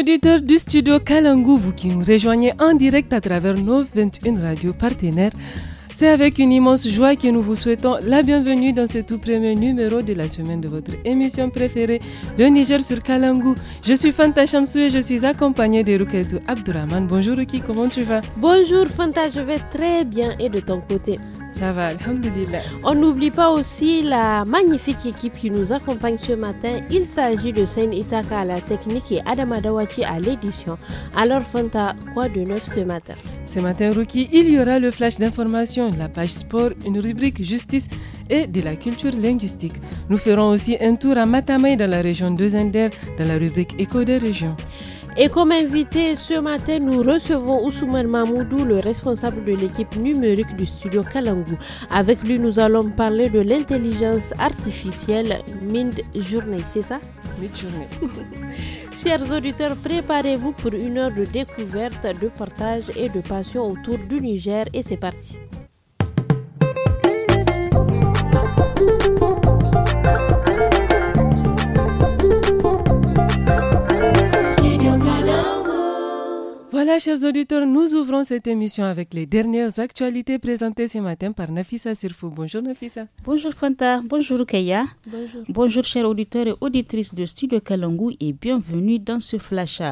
auditeurs du studio Kalangou, vous qui nous rejoignez en direct à travers nos 21 radios partenaires, c'est avec une immense joie que nous vous souhaitons la bienvenue dans ce tout premier numéro de la semaine de votre émission préférée, le Niger sur Kalangou. Je suis Fanta Chamsou et je suis accompagnée de Ruketu Abdurrahman. Bonjour Ruki, comment tu vas Bonjour Fanta, je vais très bien et de ton côté on n'oublie pas aussi la magnifique équipe qui nous accompagne ce matin. Il s'agit de seine Isaka à la technique et Adam Adawati à l'édition. Alors Fanta, quoi de neuf ce matin Ce matin, Rookie, il y aura le flash d'information, la page sport, une rubrique justice et de la culture linguistique. Nous ferons aussi un tour à Matamei dans la région de Zender dans la rubrique Éco des régions. Et comme invité ce matin, nous recevons Ousmane Mamoudou, le responsable de l'équipe numérique du studio Kalangou. Avec lui, nous allons parler de l'intelligence artificielle Mind Journée, c'est ça Mid Journey. Chers auditeurs, préparez-vous pour une heure de découverte, de partage et de passion autour du Niger et c'est parti. Voilà, chers auditeurs, nous ouvrons cette émission avec les dernières actualités présentées ce matin par Nafisa Sirfou. Bonjour Nafisa. Bonjour Fanta, bonjour Kaya. Bonjour. Bonjour chers auditeurs et auditrices de Studio Kalangou et bienvenue dans ce flash.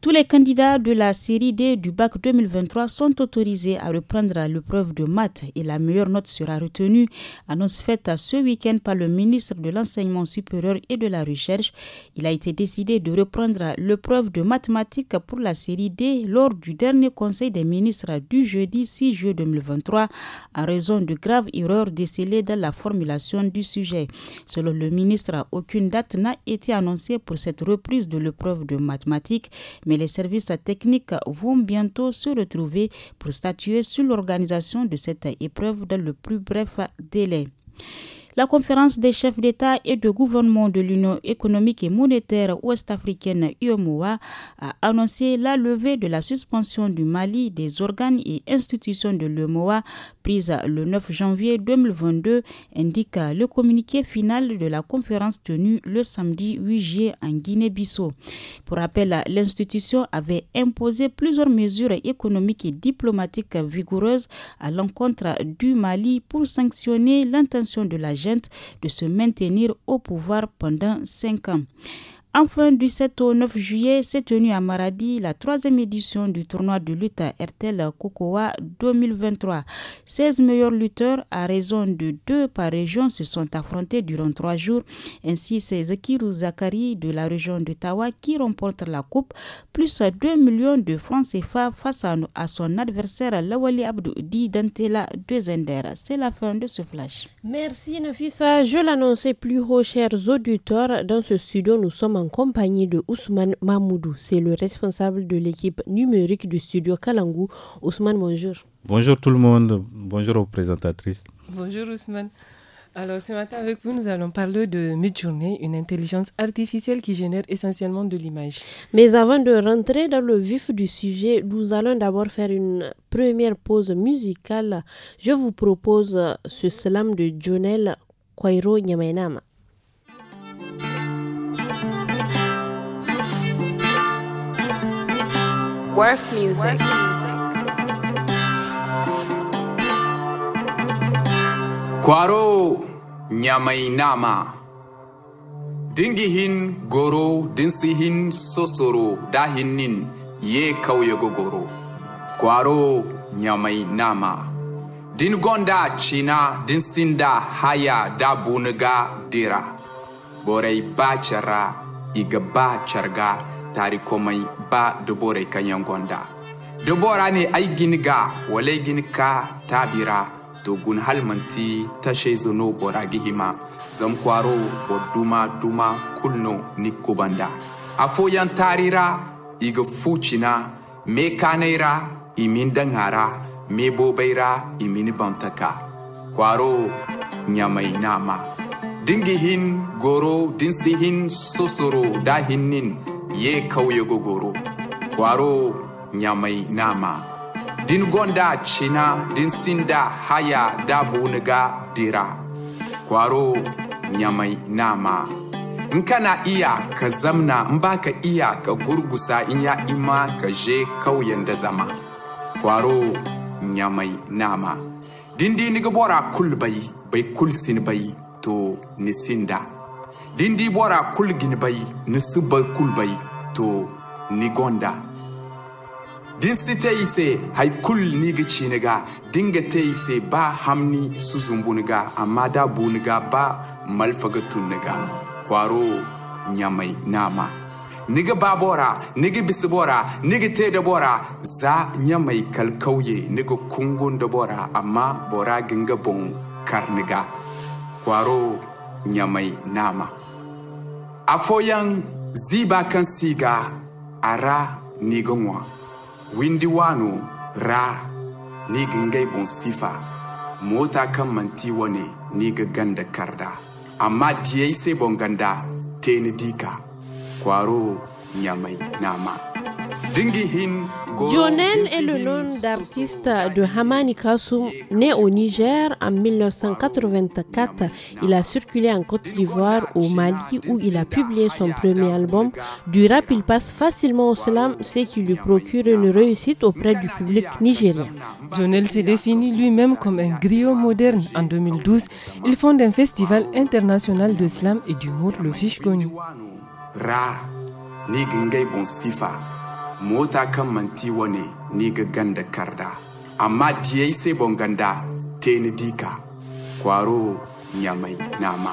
Tous les candidats de la série D du bac 2023 sont autorisés à reprendre l'épreuve de maths et la meilleure note sera retenue. Annonce faite ce week-end par le ministre de l'Enseignement supérieur et de la Recherche. Il a été décidé de reprendre l'épreuve de mathématiques pour la série D lors du dernier Conseil des ministres du jeudi 6 juin 2023 en raison de graves erreurs décelées dans la formulation du sujet. Selon le ministre, aucune date n'a été annoncée pour cette reprise de l'épreuve de mathématiques, mais les services techniques vont bientôt se retrouver pour statuer sur l'organisation de cette épreuve dans le plus bref délai. La conférence des chefs d'État et de gouvernement de l'Union économique et monétaire ouest-africaine UMOA a annoncé la levée de la suspension du Mali des organes et institutions de l'UMOA prise le 9 janvier 2022, indique le communiqué final de la conférence tenue le samedi 8 juillet en Guinée-Bissau. Pour rappel, l'institution avait imposé plusieurs mesures économiques et diplomatiques vigoureuses à l'encontre du Mali pour sanctionner l'intention de la de se maintenir au pouvoir pendant cinq ans. Enfin, du 7 au 9 juillet, s'est tenue à Maradi la troisième édition du tournoi de lutte à RTL Kokoa 2023. 16 meilleurs lutteurs à raison de deux par région se sont affrontés durant trois jours. Ainsi, c'est Zakiru Zakari de la région d'Ottawa qui remporte la coupe, plus 2 millions de francs CFA face à, son adversaire Lawali Di Dantela de Zender. C'est la fin de ce flash. Merci Nafisa. Je l'annonçais plus haut, chers auditeurs. Dans ce studio, nous sommes en compagnie de Ousmane Mamoudou, C'est le responsable de l'équipe numérique du studio Kalangou. Ousmane, bonjour. Bonjour tout le monde. Bonjour aux présentatrices. Bonjour Ousmane. Alors ce matin avec vous, nous allons parler de Midjourney, une intelligence artificielle qui génère essentiellement de l'image. Mais avant de rentrer dans le vif du sujet, nous allons d'abord faire une première pause musicale. Je vous propose ce slam de Jonel Kwairo Nyamainama. Worth Music. Worth nyamainama dingihin goro dinsihin sosoro dahinin ye kauye gogoro kwaro nyamainama dingonda china dinsinda haya dabuniga dira borai bacara iga bacarga tarikomai ba dobore kanyan gwanda dobora ne ai ga wale ka tabira to gun halmanti shai zono bora gihima zamkwaro boduma duma kulno nikubanda afoyan tarira iga fucina me kanaira imin dangara me bobaira imin bantaka kwaro nyamai nama dingihin goro dinsihin sosoro dahinin ye gogoro kwaro nyamai nama din gonda china din sinda haya da buniga dira kwaro nyamai nama in kana iya ka zamna in baka iya ka gurgusa in ya ima ka je kauyen da zama kwaro nyamai nama dindi ni bora kul bai bai kul bai to ni sinda. Dindi bora bora kulgin bai ni kul kulbai to ni gonda din si ta yi se haikul ni gici ni ga dinga ta yi se ba hamni su zumbu ni ga amma da bu ni ga ba malfaga tun ni ga kwaro nyamai nama ga babora bora ni ga te da bora za nyamai mai kalkauye ga kungun da bora amma bora ginga bon karniga kwaro nyamai nama afoyan ziba kan siga ara nigonwa windi wano ra ni gingai sifa mota kan manti wane ni ganda karda amma diyai sai bon ganda te dika kwaro nyamai nama Jonel est le nom d'artiste de Hamani Kassoum, né au Niger en 1984. Il a circulé en Côte d'Ivoire, au Mali, où il a publié son premier album. Du rap, il passe facilement au slam, ce qui lui procure une réussite auprès du public nigérien. Jonel s'est défini lui-même comme un griot moderne. En 2012, il fonde un festival international de slam et d'humour, le Fishkoni. Ra, mota kan manti ne ni ga ganda karda amma diyai sai bon ganda teni dika kwaro nyamai nama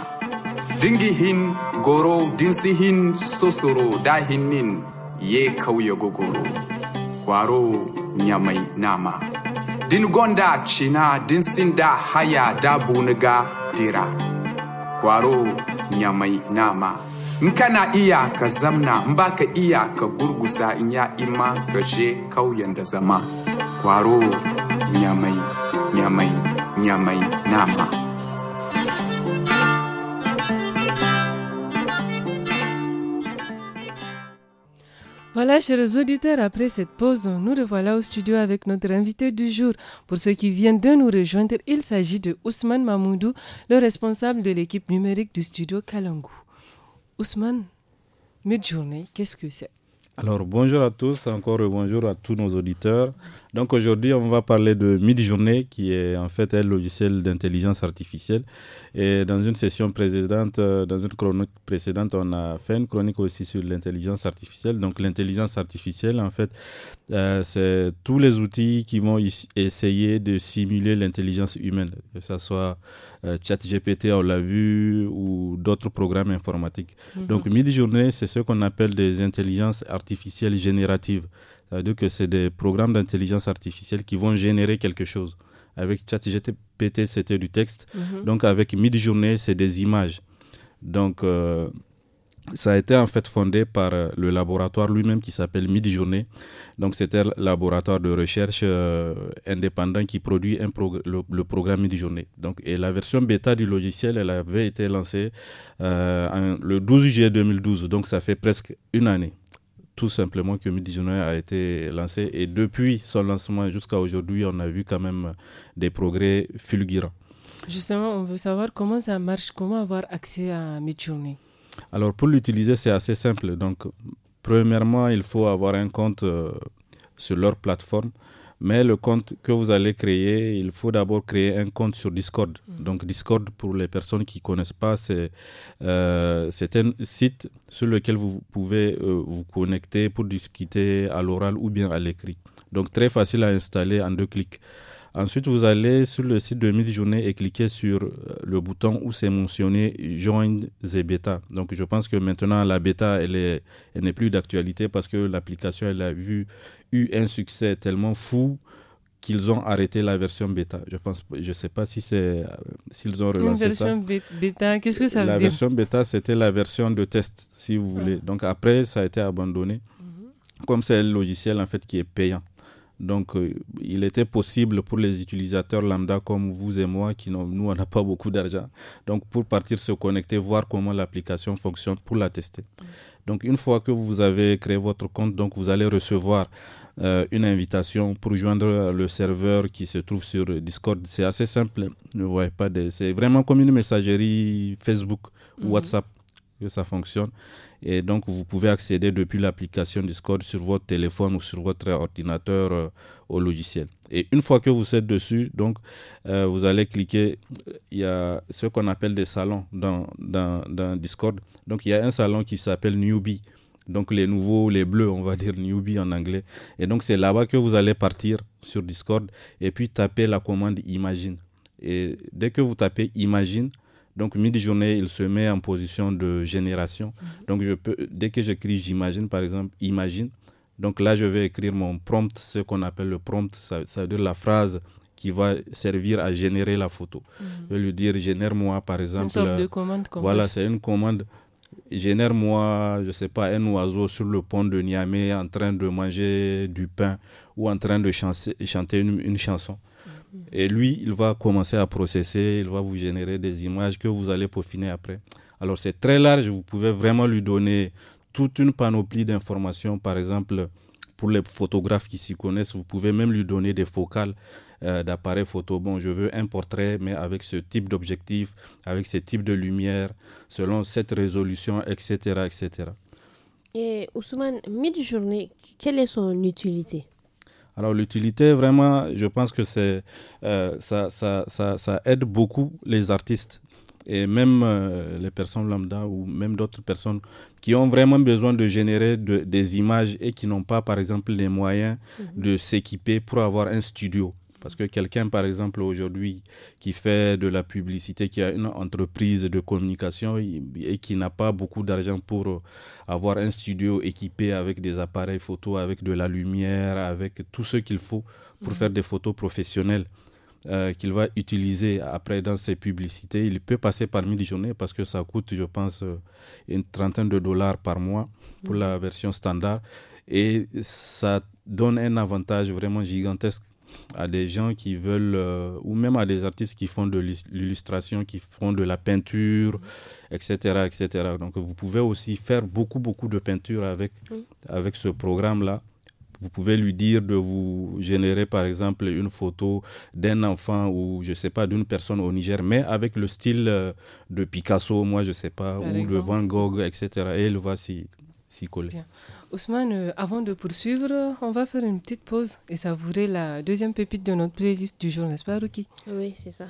dingi hin goro dinsi hin sosoro da nin ye kauye gogoro kwaro nyamai nama din gonda cina din sinda haya da buniga dira kwaro nyamai nama Voilà, chers auditeurs, après cette pause, nous revoilà au studio avec notre invité du jour. Pour ceux qui viennent de nous rejoindre, il s'agit de Ousmane Mamoudou, le responsable de l'équipe numérique du studio Kalangou. Ousmane, journée, qu'est-ce que c'est Alors bonjour à tous, encore bonjour à tous nos auditeurs. Donc aujourd'hui, on va parler de Midjourney, qui est en fait un logiciel d'intelligence artificielle. Et dans une session précédente, euh, dans une chronique précédente, on a fait une chronique aussi sur l'intelligence artificielle. Donc l'intelligence artificielle, en fait, euh, c'est tous les outils qui vont essayer de simuler l'intelligence humaine, que ce soit euh, ChatGPT, on l'a vu, ou d'autres programmes informatiques. Mhm. Donc Midjourney, c'est ce qu'on appelle des intelligences artificielles génératives cest euh, à dire que c'est des programmes d'intelligence artificielle qui vont générer quelque chose. Avec ChatGPT, c'était du texte. Mhm. Donc avec Midjourney, c'est des images. Donc euh, ça a été en fait fondé par euh, le laboratoire lui-même qui s'appelle Midjourney. Donc c'était un laboratoire de recherche indépendant qui produit le, programme Midjourney. Donc et la version bêta du logiciel, elle avait été lancée le 12 juillet 2012. Donc ça fait presque une année tout simplement que Midjourney a été lancé. Et depuis son lancement jusqu'à aujourd'hui, on a vu quand même des progrès fulgurants. Justement, on veut savoir comment ça marche, comment avoir accès à Midjourney. Alors, pour l'utiliser, c'est assez simple. Donc, premièrement, il faut avoir un compte euh, sur leur plateforme. Mais le compte que vous allez créer, il faut d'abord créer un compte sur Discord. Mm. Donc Discord, pour les personnes qui ne connaissent pas, euh, c'est un site sur lequel vous pouvez euh, vous connecter pour discuter à l'oral ou bien à l'écrit. Donc très facile à installer en deux clics. Ensuite, vous allez sur le site de Midjourney et cliquez sur euh, le bouton où c'est mentionné Join the Beta. Donc, je pense que maintenant, la bêta, elle n'est elle plus d'actualité parce que l'application, elle a vu, eu un succès tellement fou qu'ils ont arrêté la version bêta. Je pense, je sais pas si c'est euh, s'ils ont relancé La version bêta, qu'est-ce que ça veut la dire La version bêta, c'était la version de test, si vous voulez. Donc après, ça a été abandonné. Mhm. Comme c'est le logiciel en fait qui est payant. Donc, euh, il était possible pour les utilisateurs lambda comme vous et moi, qui nous, on n'a pas beaucoup d'argent, donc pour partir se connecter, voir comment l'application fonctionne pour la tester. Donc, une fois que vous avez créé votre compte, donc vous allez recevoir euh, une invitation pour joindre euh, le serveur qui se trouve sur Discord. C'est assez simple. Ne voyez pas des... C'est vraiment comme une messagerie Facebook, ou mhm. WhatsApp que ça fonctionne. Et donc, vous pouvez accéder depuis l'application Discord sur votre téléphone ou sur votre ordinateur euh, au logiciel. Et une fois que vous êtes dessus, donc, euh, vous allez cliquer. Il y a ce qu'on appelle des salons dans, dans, dans, Discord. Donc, il y a un salon qui s'appelle Newbie. Donc, les nouveaux, les bleus, on va dire Newbie en anglais. Et donc, c'est là-bas que vous allez partir sur Discord et puis taper la commande Imagine. Et dès que vous tapez Imagine, donc, midi-journée, il se met en position de génération. Mhm. Donc, je peux, dès que j'écris, j'imagine, par exemple, imagine. Donc là, je vais écrire mon prompt, ce qu'on appelle le prompt, ça, ça, veut dire la phrase qui va servir à générer la photo. Mhm. Je vais lui dire, génère-moi, par exemple. Une sorte de commande. Voilà, c'est une commande. Génère-moi, je ne sais pas, un oiseau sur le pont de Niamey en train de manger du pain ou en train de chanter une chanson. Et lui, il va commencer à processer, il va vous générer des images que vous allez peaufiner après. Alors c'est très large, vous pouvez vraiment lui donner toute une panoplie d'informations. Par exemple, pour les photographes qui s'y connaissent, vous pouvez même lui donner des focales euh, d'appareils photo. Bon, je veux un portrait, mais avec ce type d'objectif, avec ce type de lumière, selon cette résolution, etc. etc. Et Ousmane, mid-journée, quelle est son utilité alors l'utilité, vraiment, je pense que euh, ça, aide beaucoup les artistes et même euh, les personnes lambda ou même d'autres personnes qui ont vraiment besoin de générer des images et qui n'ont pas, par exemple, les moyens mhm. de s'équiper pour avoir un studio. Parce que quelqu'un, par exemple, aujourd'hui, qui fait de la publicité, qui a une entreprise de communication et qui n'a pas beaucoup d'argent pour avoir un studio équipé avec des appareils photo, avec de la lumière, avec tout ce qu'il faut pour mhm. faire des photos professionnelles. Euh, qu'il va utiliser après dans ses publicités. Il peut passer parmi les journées parce que ça coûte, je pense, euh, une trentaine de dollars par mois pour mhm. la version standard. Et ça donne un avantage vraiment gigantesque à des gens qui veulent, euh, ou même à des artistes qui font de l'illustration, qui font de la peinture, etc., etc. Donc vous pouvez aussi faire beaucoup, beaucoup de peinture avec, avec ce programme-là. Vous pouvez lui dire de vous générer, par exemple, une photo d'un enfant ou, je ne sais pas, d'une personne au Niger, mais avec le style euh, de Picasso, moi, je ne sais pas, ou de Van Gogh, etc. Et il va s'y coller. Ousmane, euh, avant de poursuivre, on va faire une petite pause et savourer la deuxième pépite de notre playlist du jour, n'est-ce pas, Ruki Oui, c'est ça.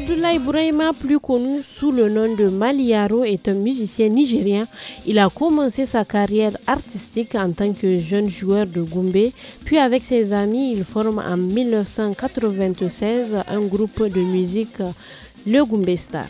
Abdullah Ibrahima, plus connu sous le nom de Maliaro, est un musicien nigérien. Il a commencé sa carrière artistique en tant que jeune joueur de Goumbé. puis avec ses amis, il forme en 1996 un groupe de musique, le Goumbé Star.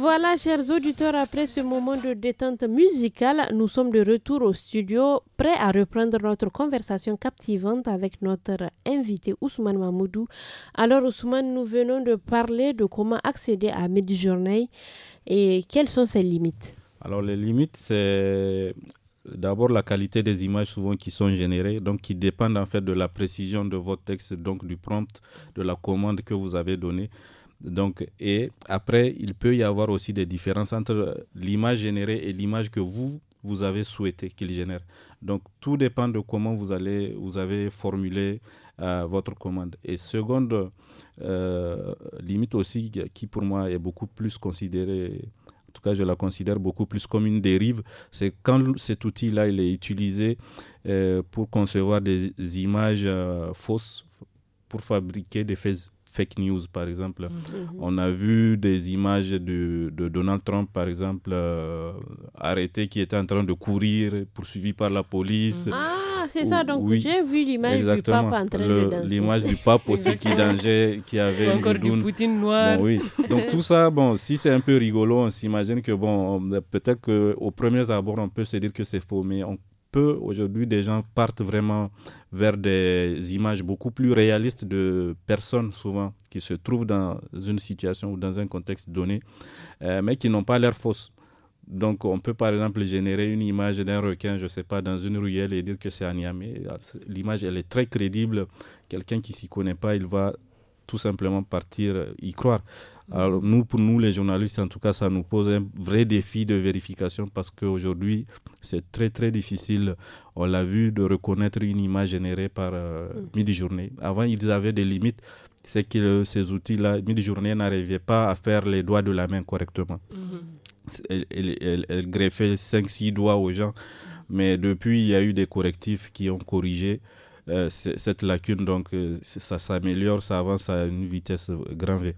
Voilà, chers auditeurs, après ce moment de détente musicale, nous sommes de retour au studio, prêts à reprendre notre conversation captivante avec notre invité Ousmane Mamoudou. Alors, Ousmane, nous venons de parler de comment accéder à Midjourney et quelles sont ses limites. Alors, les limites, c'est d'abord la qualité des images souvent qui sont générées, donc qui dépendent en fait de la précision de votre texte, donc du prompt, de la commande que vous avez donnée. Donc, et après, il peut y avoir aussi des différences entre l'image générée et l'image que vous, vous avez souhaité qu'il génère. Donc, tout dépend de comment vous, allez, vous avez formulé euh, votre commande. Et seconde euh, limite aussi, qui pour moi est beaucoup plus considérée, en tout cas je la considère beaucoup plus comme une dérive, c'est quand cet outil-là il est utilisé euh, pour concevoir des images fausses, pour fabriquer des faits fake news, par exemple. Mm-hmm. Mm-hmm. On a vu des images de, Donald Trump, par exemple, euh, arrêté qui était en train de courir, poursuivi par la police. Mm-hmm. Ah, c'est ça, donc j'ai vu l'image du pape en train de danser. L'image du pape aussi qui danger, qui avait... Encore du Poutine noir. oui. Donc tout ça, bon, si c'est un peu rigolo, on s'imagine que, bon, peut-être qu'au premier abord, on peut se dire que c'est faux, mais on peut aujourd'hui, des gens partent vraiment vers des images beaucoup plus réalistes de personnes souvent qui se trouvent dans une situation ou dans un contexte donné, euh, mais qui n'ont pas l'air fausses. Donc, on peut par exemple générer une image d'un requin, je ne sais pas, dans une ruelle et dire que c'est un yamé L'image, elle est très crédible. Quelqu'un qui s'y connaît pas, il va tout simplement partir y croire. Alors nous, pour nous les journalistes, en tout cas, ça nous pose un vrai défi de vérification parce qu'aujourd'hui, c'est très très difficile, on l'a vu, de reconnaître une image générée par euh, mm. midi-journée. Avant, ils avaient des limites, c'est que euh, ces outils-là, midi-journée, n'arrivaient pas à faire les doigts de la main correctement. mm Elle, greffait 5-6 doigts aux gens, mais depuis, il y a eu des correctifs qui ont corrigé. Euh, cette lacune, donc ça s'améliore, ça avance à une vitesse grand V.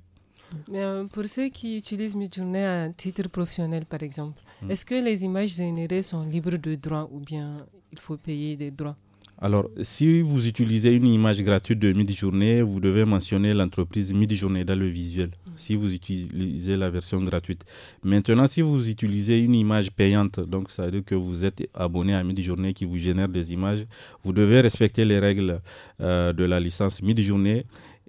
Mais euh, pour ceux qui utilisent Midjourney à titre professionnel, par exemple, hmm. est-ce que les images générées sont libres de droits ou bien il faut payer des droits alors, si vous utilisez une image gratuite de Midjourney, vous devez mentionner l'entreprise Midjourney dans le visuel, hmm. si vous utilisez la version gratuite. Maintenant, si vous utilisez une image payante, donc ça veut dire que vous êtes abonné à Midjourney qui vous génère des images, vous devez respecter les règles euh, de la licence Midjourney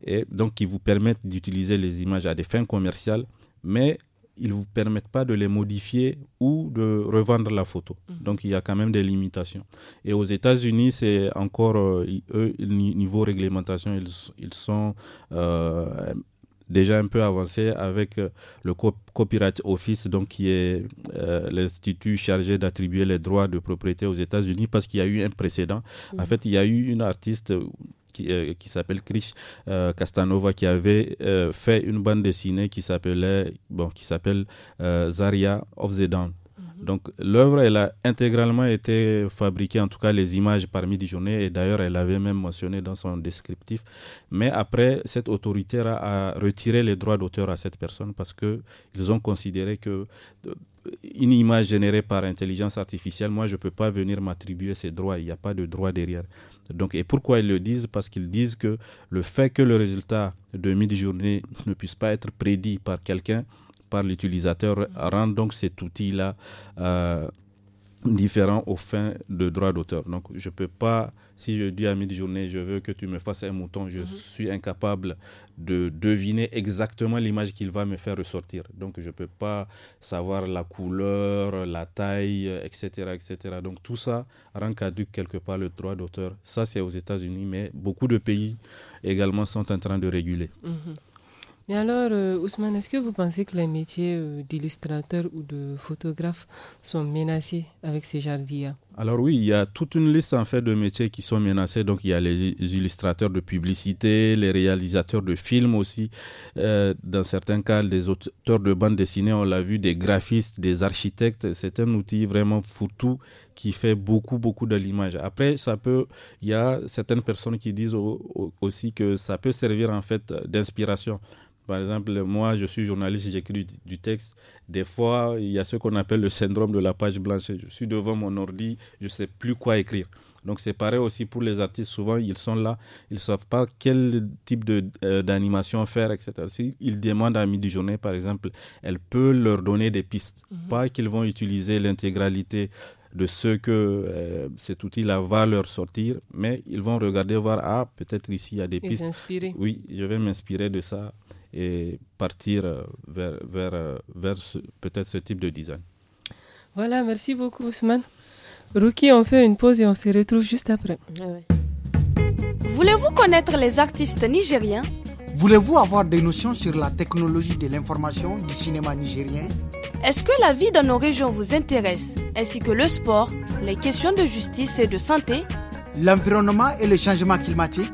et donc qui vous permettent d'utiliser les images à des fins commerciales, mais ils ne vous permettent pas de les modifier ou de revendre la photo. Mhm. Donc il y a quand même des limitations. Et aux États-Unis, c'est encore, euh, eux, niveau réglementation, ils, sont euh, déjà un peu avancés avec euh, le Copyright Office, donc qui est l'institut chargé d'attribuer les droits de propriété aux États-Unis, parce qu'il y a eu un précédent. En mhm. fait, il y a eu une artiste euh, qui, s'appelle Chris euh, Castanova qui avait euh, fait une bande dessinée qui s'appelait bon qui s'appelle Zaria of the Dawn. Mhm. Donc l'œuvre, elle a intégralement été fabriquée, en tout cas les images parmi les journées et d'ailleurs elle avait même mentionné dans son descriptif. Mais après, cette autorité a, retiré les droits d'auteur à cette personne parce que ils ont considéré que une image générée par intelligence artificielle, moi, je ne peux pas venir m'attribuer ces droits. Il n'y a pas de droit derrière. Donc, et pourquoi ils le disent Parce qu'ils disent que le fait que le résultat de midi journée ne puisse pas être prédit par quelqu'un, par l'utilisateur, rend donc cet outil-là euh, différents aux fins de droit d'auteur. Donc, je ne peux pas, si je dis à midi-journée, je veux que tu me fasses un mouton, je mhm. suis incapable de deviner exactement l'image qu'il va me faire ressortir. Donc, je ne peux pas savoir la couleur, la taille, etc., etc. Donc, tout ça rend caduque quelque part le droit d'auteur. Ça, c'est aux États-Unis, mais beaucoup de pays également sont en train de réguler. Mhm. Mais alors, euh, Ousmane, est-ce que vous pensez que les métiers euh, d'illustrateur ou de photographe sont menacés avec ces jardins Alors oui, il y a toute une liste en fait de métiers qui sont menacés. Donc il y a les illustrateurs de publicité, les réalisateurs de films aussi. Euh, dans certains cas, les auteurs de bandes dessinées, on l'a vu, des graphistes, des architectes. C'est un outil vraiment foutu qui fait beaucoup, beaucoup de l'image. Après, ça peut, il y a certaines personnes qui disent aussi que ça peut servir en fait d'inspiration par exemple, moi, je suis journaliste, j'écris du texte. Des fois, il y a ce qu'on appelle le syndrome de la page blanche. Je suis devant mon ordi, je ne sais plus quoi écrire. Donc c'est pareil aussi pour les artistes. Souvent, ils sont là, ils ne savent pas quel type euh, d'animation faire, etc. Si demandent à midi journée, par exemple, elle peut leur donner des pistes. Mhm. Pas qu'ils vont utiliser l'intégralité de ce que euh, cet outil-là va leur sortir, mais ils vont regarder, voir, ah, peut-être ici, il y a des Ils pistes. Oui, je vais m'inspirer de ça et partir euh, vers, vers, euh, vers peut-être ce type de design. Voilà, merci beaucoup Ousmane. Ruki, on fait une pause et on se retrouve juste après. Ah Voulez-vous connaître les artistes nigériens Voulez-vous avoir des notions sur la technologie de l'information du cinéma nigérien Est-ce que la vie dans nos régions vous intéresse, ainsi que le sport, les questions de justice et de santé L'environnement et le changement climatique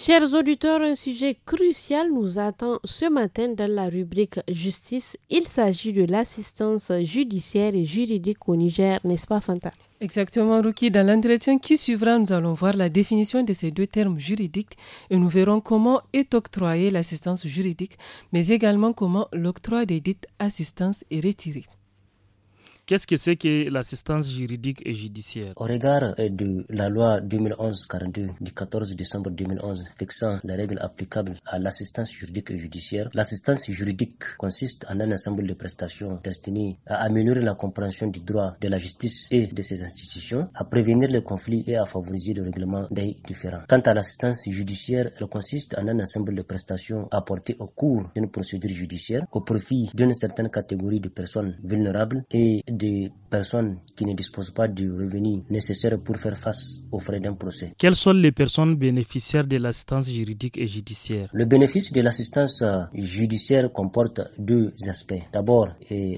Chers auditeurs, un sujet crucial nous attend ce matin dans la rubrique justice. Il s'agit de l'assistance judiciaire et juridique au Niger, n'est-ce pas Fanta Exactement, Ruki. Dans l'entretien qui suivra, nous allons voir la définition de ces deux termes juridiques et nous verrons comment est octroyée l'assistance juridique, mais également comment l'octroi des dites assistance est retiré. Qu'est-ce que c'est que l'assistance juridique et judiciaire Au regard euh, de la loi 2011-42 du 14 décembre 2011 fixant les règles applicables à l'assistance juridique et judiciaire, l'assistance juridique consiste en un ensemble de prestations destinées à améliorer la compréhension du droit de la justice et de ses institutions, à prévenir les conflits et à favoriser le règlement des différends. Quant à l'assistance judiciaire, elle consiste en un ensemble de prestations apportées au cours d'une procédure judiciaire au profit d'une certaine catégorie de personnes vulnérables et des personnes qui ne disposent pas du revenu nécessaire pour faire face aux frais d'un procès. Quelles sont les personnes bénéficiaires de l'assistance juridique et judiciaire Le bénéfice de l'assistance euh, judiciaire comporte deux aspects. D'abord,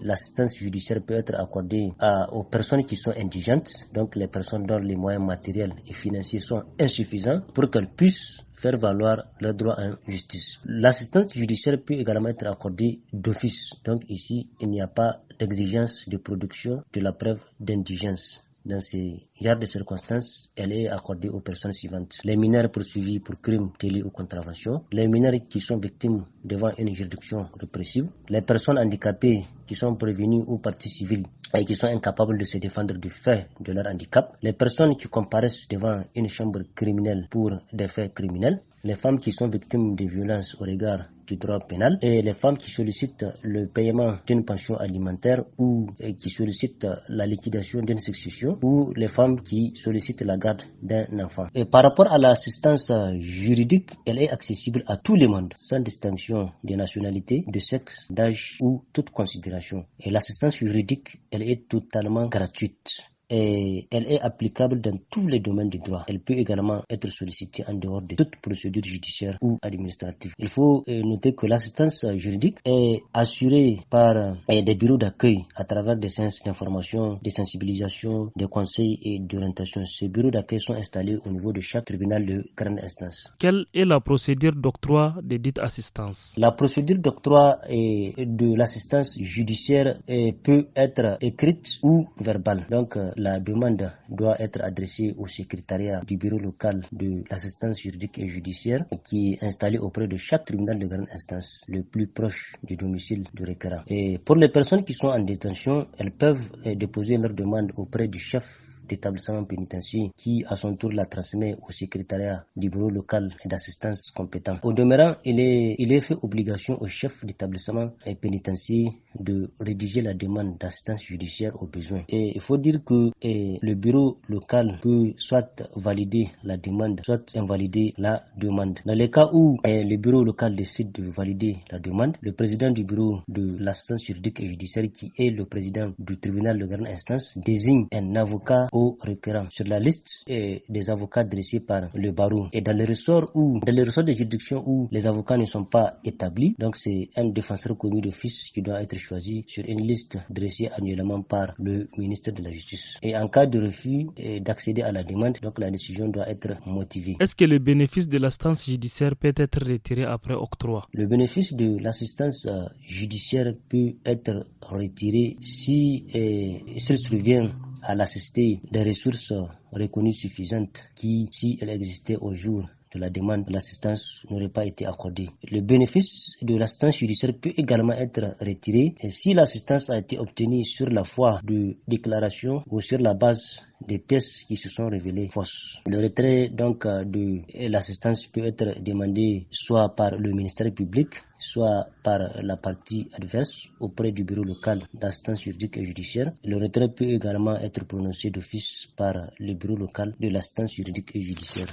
l'assistance judiciaire peut être accordée aux personnes qui sont indigentes, donc les personnes dont les moyens matériels et financiers sont insuffisants pour qu'elles puissent faire valoir leur droit en justice. L'assistance judiciaire peut également être accordée d'office. Donc ici, il n'y a pas d'exigence de production de la preuve d'indigence. Dans ces gardes de circonstances, elle est accordée aux personnes suivantes. Les mineurs poursuivis pour crimes, télé ou contraventions, les mineurs qui sont victimes devant une juridiction répressive, les personnes handicapées qui sont prévenues ou parties civiles et qui sont incapables de se défendre du fait de leur handicap, les personnes qui comparaissent devant une chambre criminelle pour des faits criminels, les femmes qui sont victimes de violences au regard du droit pénal et les femmes qui sollicitent le paiement d'une pension alimentaire ou qui sollicitent la liquidation d'une succession ou les femmes qui sollicitent la garde d'un enfant. Et par rapport à l'assistance juridique, elle est accessible à tout le monde sans distinction de nationalité, de sexe, d'âge ou toute considération. Et l'assistance juridique, elle est totalement gratuite elle est applicable dans tous les domaines du droit. Elle peut également être sollicitée en dehors de toute procédure judiciaire ou administrative. Il faut euh, noter que l'assistance juridique est assurée par euh, des bureaux d'accueil à travers des sens d'information, des sensibilisations, des conseils et d'orientation. Ces bureaux d'accueil sont installés au niveau de chaque tribunal de grande instance. Quelle est la procédure d'octroi de dites assistance La procédure d'octroi euh, de l'assistance judiciaire peut être écrite ou verbale. Donc, la demande doit être adressée au secrétariat du bureau local de l'assistance juridique et judiciaire qui est installé auprès de chaque tribunal de grande instance le plus proche du domicile du requérant. Et pour les personnes qui sont en détention, elles peuvent euh, déposer leur demande auprès du chef d'établissement pénitentiaire qui à son tour la transmet au secrétariat du bureau local d'assistance compétent. Au demeurant, il est, il est fait obligation au chef d'établissement pénitentiaire de rédiger la demande d'assistance judiciaire au besoin. Et il faut dire que le bureau local peut soit valider la demande, soit invalider la demande. Dans les cas où eh, le bureau local décide de valider la demande, le président du bureau de l'assistance juridique et judiciaire qui est le président du tribunal de grande instance désigne un avocat au récurrent sur la liste des avocats dressés par le barreau. Et dans les ressorts où, dans les ressorts de juridiction où les avocats ne sont pas établis, donc c'est un défenseur commis d'office qui doit être choisi sur une liste dressée annuellement par le ministre de la Justice. Et en cas de refus d'accéder à la demande, donc la décision doit être motivée. Est-ce que le bénéfice de l'assistance judiciaire peut être retiré après octroi Le bénéfice de l'assistance judiciaire peut être retiré si eh, il se souvient à l'assister des ressources reconnues suffisantes qui, si elles existaient au jour de la demande de l'assistance n'aurait pas été accordée. Le bénéfice de l'assistance judiciaire peut également être retiré si l'assistance a été obtenue sur la foi de déclaration ou sur la base des pièces qui se sont révélées fausses. Le retrait donc de l'assistance peut être demandé soit par le ministère public, soit par la partie adverse auprès du bureau local d'assistance juridique et judiciaire. Le retrait peut également être prononcé d'office par le bureau local de l'assistance juridique et judiciaire.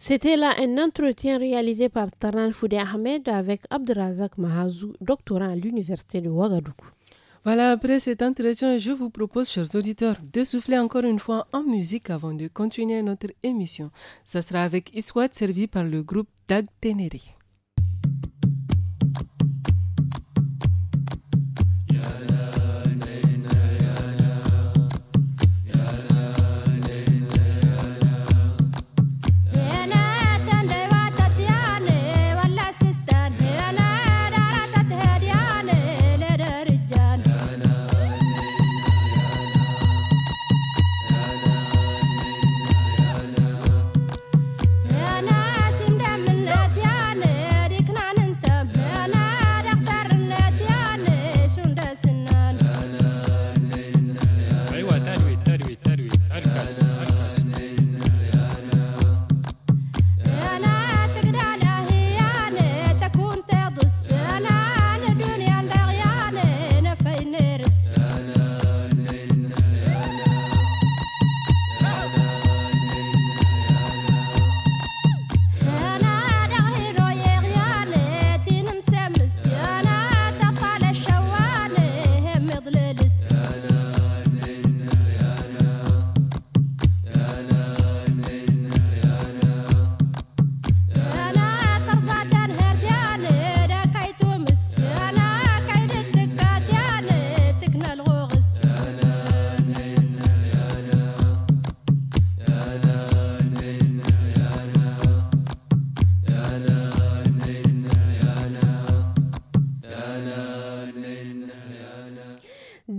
C'était là un entretien réalisé par Taran Foudé Ahmed avec Abdrazak Mahazou, doctorant à l'université de Ouagadougou. Voilà, après cet entretien, je vous propose, chers auditeurs, de souffler encore une fois en musique avant de continuer notre émission. Ce sera avec Iswat, servi par le groupe Dag Ténéré.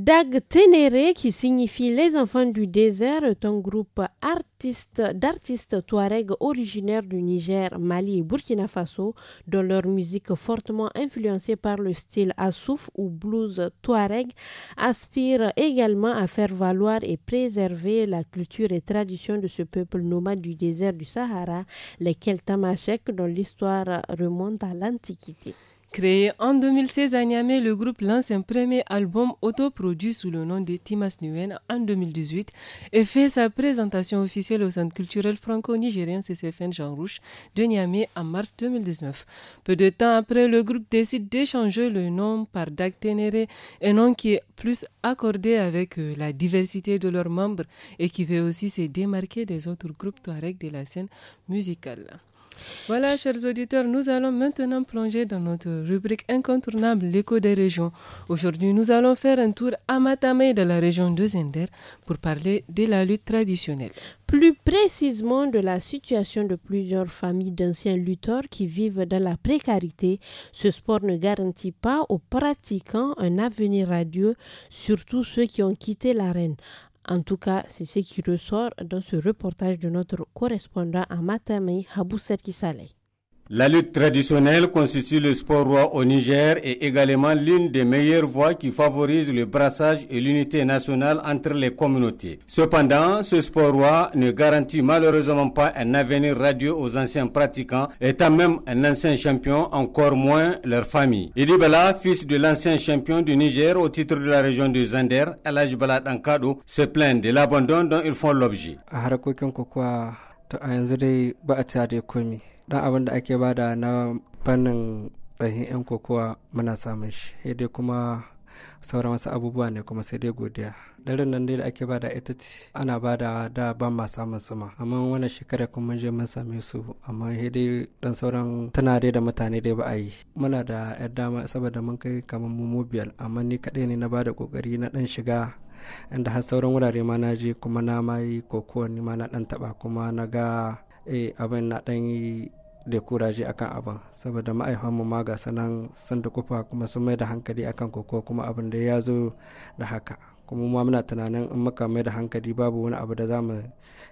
Dag Ténéré, qui signifie les enfants du désert, est un groupe d'artistes touareg originaires du Niger, Mali et Burkina Faso, dont leur musique fortement influencée par le style assouf ou blues touareg aspire également à faire valoir et préserver la culture et tradition de ce peuple nomade du désert du Sahara, les Keltamachèques, dont l'histoire remonte à l'Antiquité. Créé en 2016 à Niamey, le groupe lance un premier album autoproduit sous le nom de Timas Nguyen en 2018 et fait sa présentation officielle au Centre culturel franco-nigérien CCFN Jean Rouge de Niamey en mars 2019. Peu de temps après, le groupe décide d'échanger le nom par Dak Ténéré, un nom qui est plus accordé avec euh, la diversité de leurs membres et qui veut aussi se démarquer des autres groupes touareg de la scène musicale. Voilà, chers auditeurs, nous allons maintenant plonger dans notre rubrique incontournable, l'écho des régions. Aujourd'hui, nous allons faire un tour à Matamé de la région de Zender pour parler de la lutte traditionnelle. Plus précisément de la situation de plusieurs familles d'anciens lutteurs qui vivent dans la précarité, ce sport ne garantit pas aux pratiquants un avenir radieux, surtout ceux qui ont quitté l'arène. En tout cas, c'est ce qui ressort dans ce reportage de notre correspondant à Matamei, Habousser la lutte traditionnelle constitue le sport roi au Niger et également l'une des meilleures voies qui favorise le brassage et l'unité nationale entre les communautés. Cependant, ce sport roi ne garantit malheureusement pas un avenir radieux aux anciens pratiquants, étant même un ancien champion, encore moins leur famille. Idibala, fils de l'ancien champion du Niger au titre de la région de Zander, Al Ajbalat Ankado, se plaint de l'abandon dont ils font l'objet. dan abin da ake bada na fannin tsayin 'yan kokowa muna samun shi sai dai kuma sauran wasu abubuwa ne kuma sai dai godiya darin nan dai da ake bada ita ce ana bada da ban ma samun suma amma wannan shekara kuma mun je mun same su amma dai dan sauran tana dai da mutane dai ba a yi muna da yar dama saboda mun kai kamar mu mobile amma ni kadai ne na bada kokari na dan shiga inda har sauran wurare ma na je kuma na ma yi kokowa ni ma na dan taba kuma na ga eh, abin na ɗan yi da kuraje akan abin saboda ma'aifan mu ma ga sanan sun da kufa kuma sun mai da hankali akan koko kuma abin da ya zo da haka kuma ma muna tunanin in muka mai da hankali babu wani abu da za mu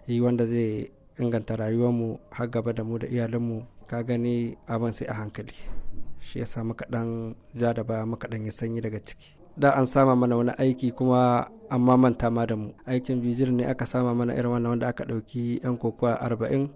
yi wanda zai inganta rayuwar mu har gaba da mu da iyalinmu ka gani abin sai a hankali shi yasa muka dan ja da baya muka dan yi sanyi daga ciki da an sama mana wani aiki kuma amma manta ma da mu aikin bijir ne aka sama mana irin wannan wanda aka ɗauki 'yan kokowa arba'in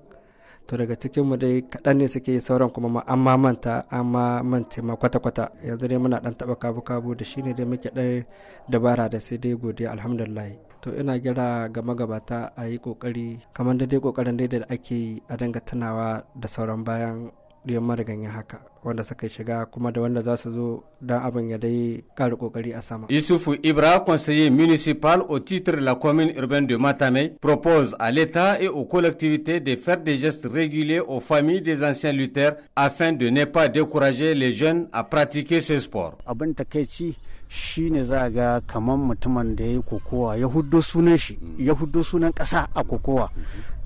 to daga cikin mu dai kaɗan ne suke sauran kuma an ma manta an ma mance ma kwata-kwata yanzu dai muna ɗan taɓa kabu-kabu da shi ne dai muke ɗan dabara da sai dai godiya alhamdulillah to ina gira ga magabata a yi ƙoƙari kamar da dai ƙoƙarin dai da ake yi a dinga tunawa da sauran bayan riyan haka wanda wanda ya Ibra, conseiller municipal au titre de la commune urbaine de Matamé, propose à l'État et aux collectivités de faire des gestes réguliers aux familles des anciens lutteurs afin de ne pas décourager les jeunes à pratiquer ce sport. shi ne za ga kamar mutumin da ya yi kokowa ya huddo sunan shi mm. ya huddo sunan ƙasa a kokowa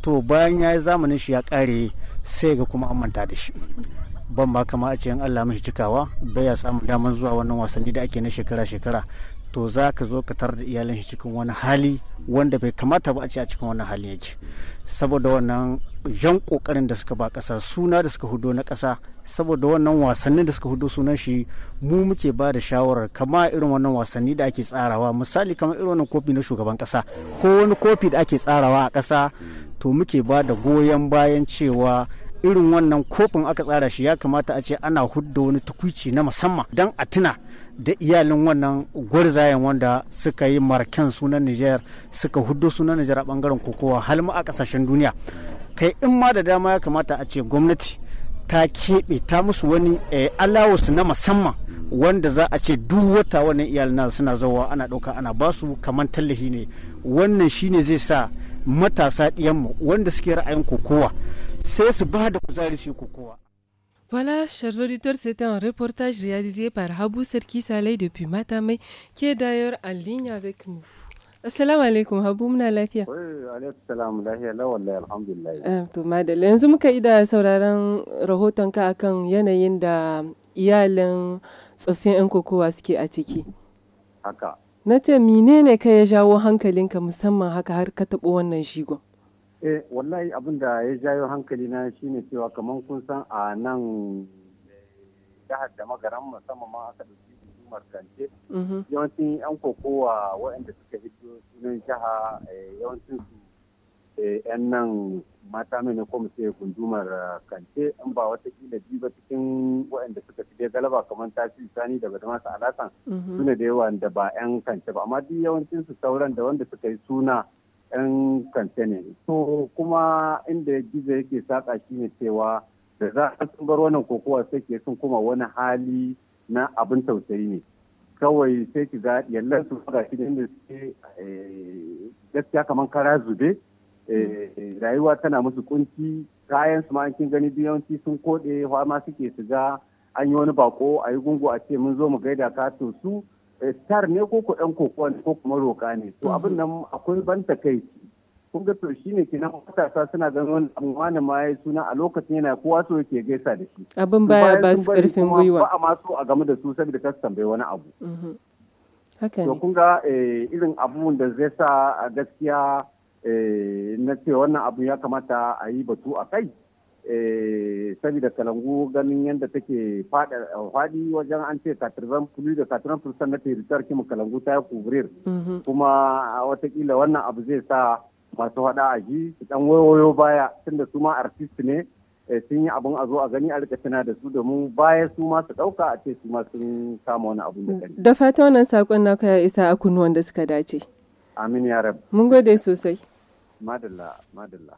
to bayan ya yi zamanin shi ya ƙare sai ga kuma an manta da shi ban ba kama a ce in Allah mashi cikawa bai ya samu daman zuwa wannan wasanni da ake na shekara-shekara to za ka zo ka tar da iyalin shi cikin wani hali wanda bai kamata ba a ce a cikin wani hali yake saboda wannan jan kokarin da suka ba kasa suna da suka hudo na kasa saboda wannan wasannin da suka hudo sunan shi mu muke ba da shawarar kama irin wannan wasanni da ake tsarawa misali kamar irin wannan kofi na shugaban kasa ko wani kofi da ake tsarawa a kasa to muke ba da goyon bayan cewa irin wannan kofin aka tsara shi ya kamata a ce ana hudda wani tukwici na musamman don a tuna da iyalin wannan gwarzayen wanda suka yi marken sunan Nijar suka hudu sunan Nijar a bangaren kokowa har a kasashen duniya kai in ma da dama ya kamata a ce gwamnati ta keɓe ta musu wani eh, alawasu na musamman wanda za a ce duk wata wani iyalina suna zawa ana ɗauka ana basu kamar tallafi ne wannan shine zai sa matasa ɗiyanmu wanda suke ra'ayin kokowa sai su ba da kuzari su yi kokowa Voilà, chers auditeurs, c'était un reportage réalisé par Habou Serki Saleh depuis Matamé, qui est d'ailleurs en ligne avec nous. Assalamu alaikum Habu muna lafiya. Assalamu lafiya lawallah alhamdulillah. Eh, to yanzu muka yi sauraron rahotonka akan yanayin da iyalin tsoffin 'yan kokowa suke a ciki. Haka. Na ce menene ka ya jawo hankalinka musamman haka har ka taɓo wannan shigon? Eh wallahi abin da ya jawo na shine cewa kamar kun san a nan eh, jihar da magaran musamman ma aka ɗauki farkance mhm. yawancin yan kokowa waɗanda suka hito sunan jiha eh, yawancin su eh, yan nan mata mai ko kuma sai gundumar eh, kance in ba watakila biyu ba cikin waɗanda suka fi galaba kamar tasiri sani da masu alaƙa mhm. suna da yawa da ba yan kance ba amma duk yawancin su sauran da wanda suka yi suna yan kance ne to kuma inda gizo yake saƙa shine cewa da za a bar wannan kokowa sai ke sun kuma wani hali na abin tausayi ne kawai sai ki ga yallar su ga shi ne sai gaskiya kamar kara zube eh, rayuwa tana musu kunci kayan su ma kin gani biyanci sun kode ma suke su ga an yi wani bako a yi gungu a ce mun zo mu gaida ka to su eh, star ne ko ku ɗan kokon ko kuma roka ne to abin nan akwai ban takaici kun ga to shine kenan matasa suna ganin wani wani ma ya suna a lokacin yana kowa so yake gaisa da shi abin baya ba su karfin gwiwa ba a ma so a game da su saboda kasu tambayi wani abu mm-hmm. to kun ga eh, irin abun da zai sa a gaskiya eh, na ce wannan abu ya kamata a yi batu a kai eh, saboda kalangu ganin yadda take faɗi wajen an ce katirzan fulu da katirzan fulusan na teritar kimu kalangu ta yi kubrir mm-hmm. kuma watakila wannan abu zai sa masu haɗa a ji su ɗan wayoyo baya tun da su ma artist ne eh, sun yi abin a zo a gani a rika tana da su domin baya su ma su dauka a ce su ma sun kama wani abu da mm. gani. Da fata wannan sakon naka ya isa a kunu da suka dace. Amin ya rabu. Mun gode sosai. Madalla, madalla.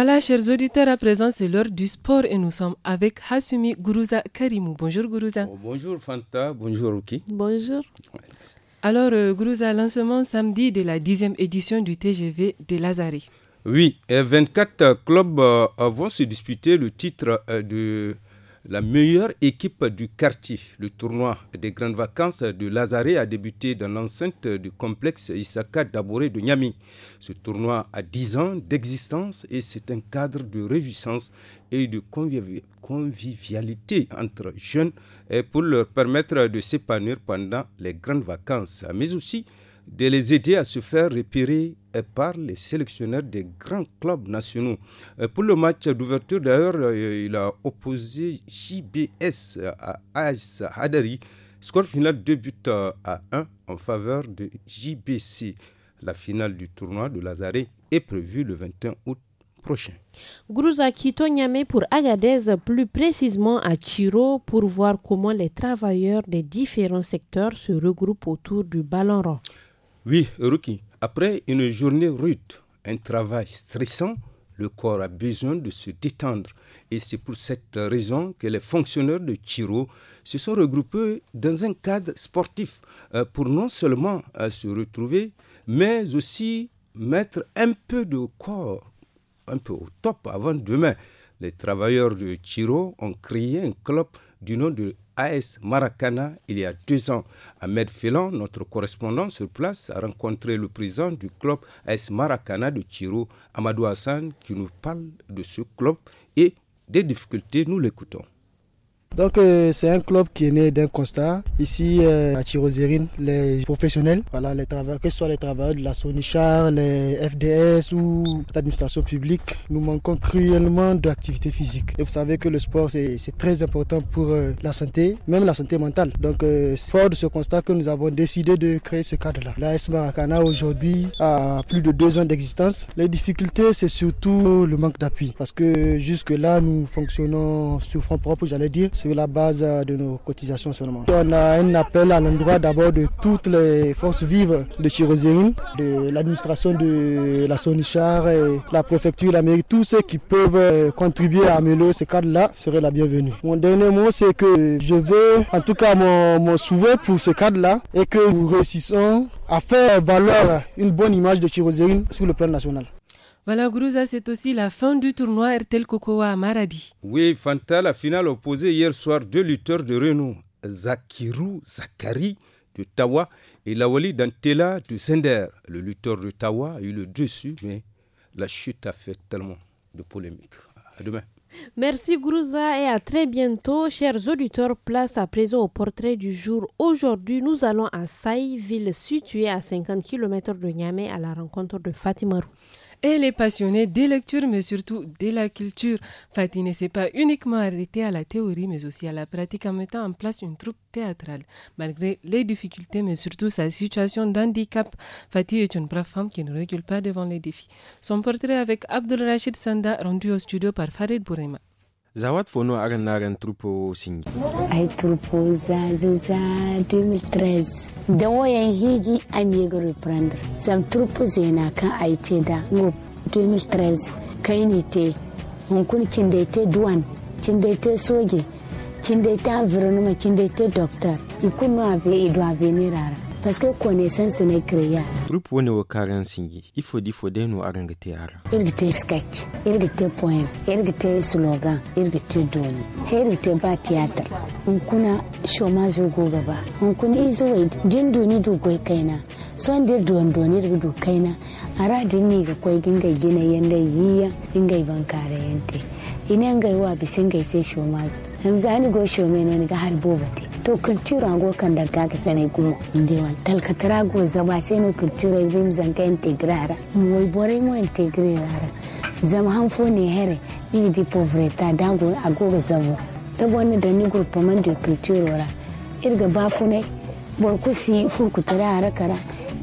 Voilà, chers auditeurs, à présent, c'est l'heure du sport et nous sommes avec Hasumi Gourouza Karimou. Bonjour Gourouza. Oh, bonjour Fanta, bonjour Ruki. Bonjour. Alors, euh, lancement samedi de la 10 édition du TGV de Lazare. Oui, 24 clubs euh, vont se disputer le titre euh, de la meilleure équipe du quartier, le tournoi des grandes vacances de Lazare a débuté dans l'enceinte du complexe Isaka Daboré de Niami. Ce tournoi a 10 ans d'existence et c'est un cadre de réjouissance et de convivialité entre jeunes et pour leur permettre de s'épanouir pendant les grandes vacances, mais aussi de les aider à se faire repérer par les sélectionneurs des grands clubs nationaux. Euh, pour le match d'ouverture, d'ailleurs, euh, il a opposé JBS à AS Hadari. Score final 2 buts euh, à 1 en faveur de JBC. La finale du tournoi de Lazare est prévue le 21 août prochain. Grouza quitte pour Agadez, plus précisément à Chiro, pour voir comment les travailleurs des différents secteurs se regroupent autour du ballon rond. Oui, Ruki, après une journée rude, un travail stressant, le corps a besoin de se détendre. Et c'est pour cette raison que les fonctionnaires de Chiro se sont regroupés dans un cadre sportif euh, pour non seulement euh, se retrouver, mais aussi mettre un peu de corps, un peu au top avant demain. Les travailleurs de Chiro ont créé un club du nom de AS Maracana il y a deux ans. Ahmed Félan, notre correspondant sur place, a rencontré le président du club AS Maracana de Chirou, Amadou Hassan, qui nous parle de ce club et des difficultés. Nous l'écoutons. Donc euh, c'est un club qui est né d'un constat. Ici euh, à Chirozérine, les professionnels, voilà, les travailleurs, que ce soit les travailleurs de la Sonichar, les FDS ou l'administration publique, nous manquons cruellement d'activité physique. Et vous savez que le sport c'est très important pour euh, la santé, même la santé mentale. Donc c'est fort de ce constat que nous avons décidé de créer ce cadre-là. La S Maracana aujourd'hui a plus de deux ans d'existence. Les difficultés c'est surtout le manque d'appui parce que jusque là nous fonctionnons sur fond propre, j'allais dire sur la base euh, de nos cotisations seulement. On a un appel à l'endroit d'abord de toutes les forces vives de chiroséine de l'administration de la Sonichar, et la préfecture, la mairie, tous ceux qui peuvent euh, contribuer à améliorer ce cadre-là seraient la bienvenue. Mon dernier mot, c'est que je veux, en tout cas mon, souhait pour ce cadre-là, est que nous réussissons à faire valoir une bonne image de Chirozérine sur le plan national. Voilà, Gourouza, c'est aussi la fin du tournoi RTL Cocoa à Maradi. Oui, Fanta, la finale opposée hier soir deux lutteurs de Renault, Zakirou Zakari de Tawa et Lawali Dantela de Sender. Le lutteur de Tawa a eu le dessus, mais la chute a fait tellement de polémiques. À demain. Merci Grouza et à très bientôt. Chers auditeurs, place à présent au portrait du jour. Aujourd'hui, nous allons à Saï, ville située à 50 km de Niamey, à la rencontre de Fatima elle est passionnée des lectures, mais surtout de la culture. Fatih ne s'est pas uniquement arrêtée à la théorie, mais aussi à la pratique en mettant en place une troupe théâtrale. Malgré les difficultés, mais surtout sa situation d'handicap, Fatih est une brave femme qui ne recule pas devant les défis. Son portrait avec Abdul Rachid Sanda, rendu au studio par Farid Bourema. 2013 don wayan higi a mega reprendre sam trupu zena kan aite da ngo 2013 kai ni te hunkun kinde te duan kinde te soge kinde te avironuma kinde te doctor ikunu ave idu ave ni rara parce que connaissance ne créa pour pour ne wakaran singi il faut il faut denu arangate ara irgite sketch irgite poem irgite slogan irgite doni irgite ba théâtre in kuna chômage go gaba in kuna izo wai doni du goi kaina son dir don doni du du kaina ara dinni ga koy ginga gina yanda yiya ingai bankare yante inengai wa bisingai sai chômage hamzani go chômene ni ga har bobate to culture go kan da ka sene gumo ndewan talkatara go zaba seno culture vim zanga integrara moy bore mo integrara zama han fo ne here igi di povreta dango agogo zabo da bonne da ni groupement de kultura ora irga ba ne bor ku si furku tara harakara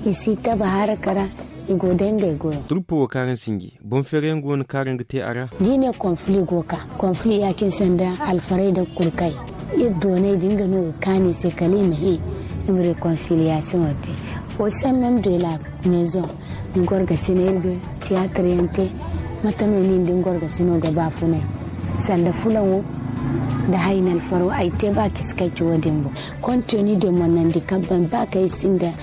isi taba harakara igo dende goyo. Turpo wa singi, bon feren gwan karin gite ara? Dine konfli goka, konfli yakin sanda alfarai da kurkai. i donnai dinga no kani se kali yi im reconciliation ote au sein même de la maison ngorga sinelbe théâtre yante matano ni ndi ngorga ga ba funai sanda fulanwo da hainan faro ai te ba ki suka ki wadin bu kontoni da manan da kabban ba ka yi sin da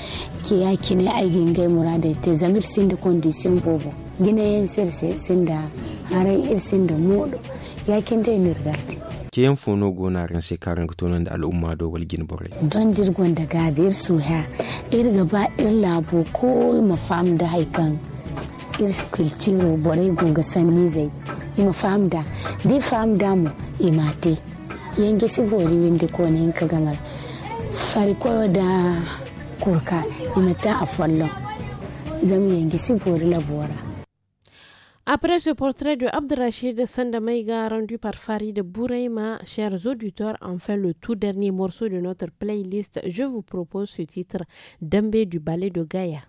ke ne ai gingai murada te zamir sin da condition bobo gina yin sir sin da harai ir da ya yakin dai nirgarti ke yin fono gona ran sai karan da al'umma do walgin bore don dirgon da gabir su ha irga ba ir labo ko mafam da haikan ir kultiro bore gunga sanni zai ima fam da di fam da mu imate yenge si bori winde ko ne fari da kurka imata a follo zamu yenge si bori labora Après ce portrait de Abdrachid Sandamaïga rendu par Farid Boureima, chers auditeurs, enfin le tout dernier morceau de notre playlist, je vous propose ce titre Dembé du ballet de Gaïa.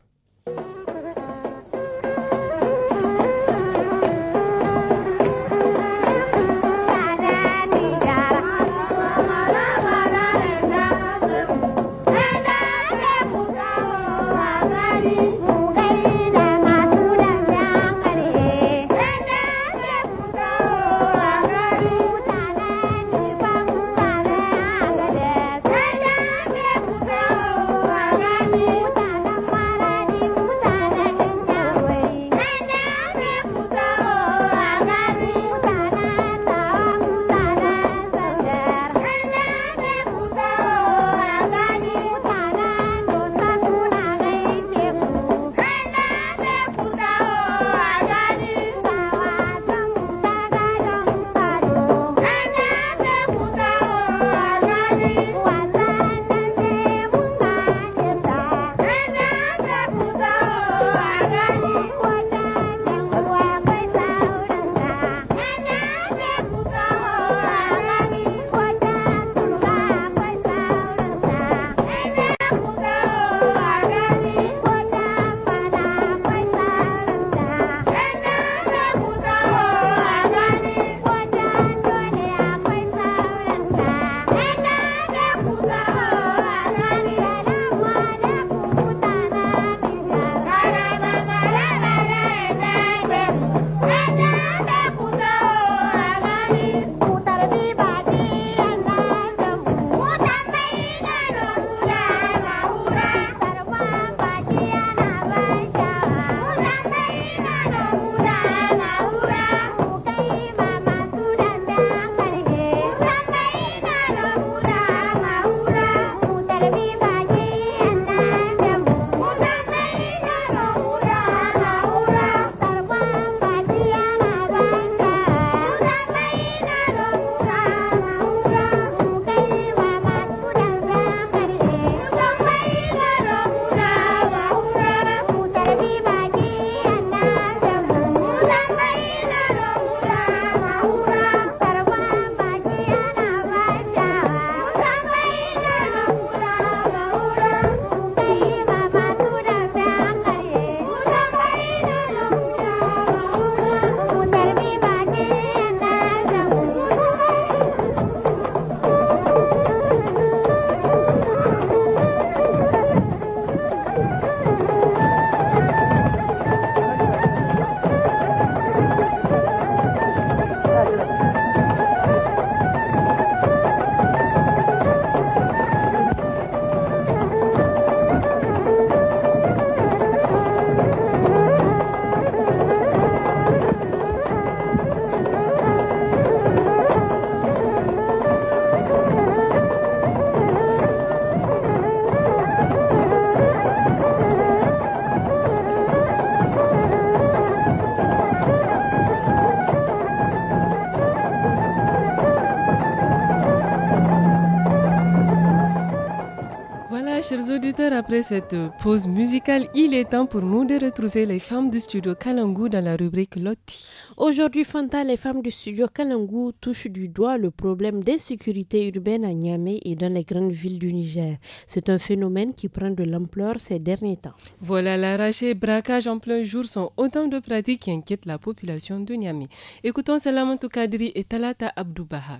après cette pause musicale, il est temps pour nous de retrouver les femmes du studio Kalangu dans la rubrique Lotti. Aujourd'hui, Fanta, les femmes du studio Kalangu touchent du doigt le problème d'insécurité urbaine à Niamey et dans les grandes villes du Niger. C'est un phénomène qui prend de l'ampleur ces derniers temps. Voilà, l'arraché, braquage en plein jour sont autant de pratiques qui inquiètent la population de Niamey. Écoutons Salamantou Kadri et Talata Abdou Bahar.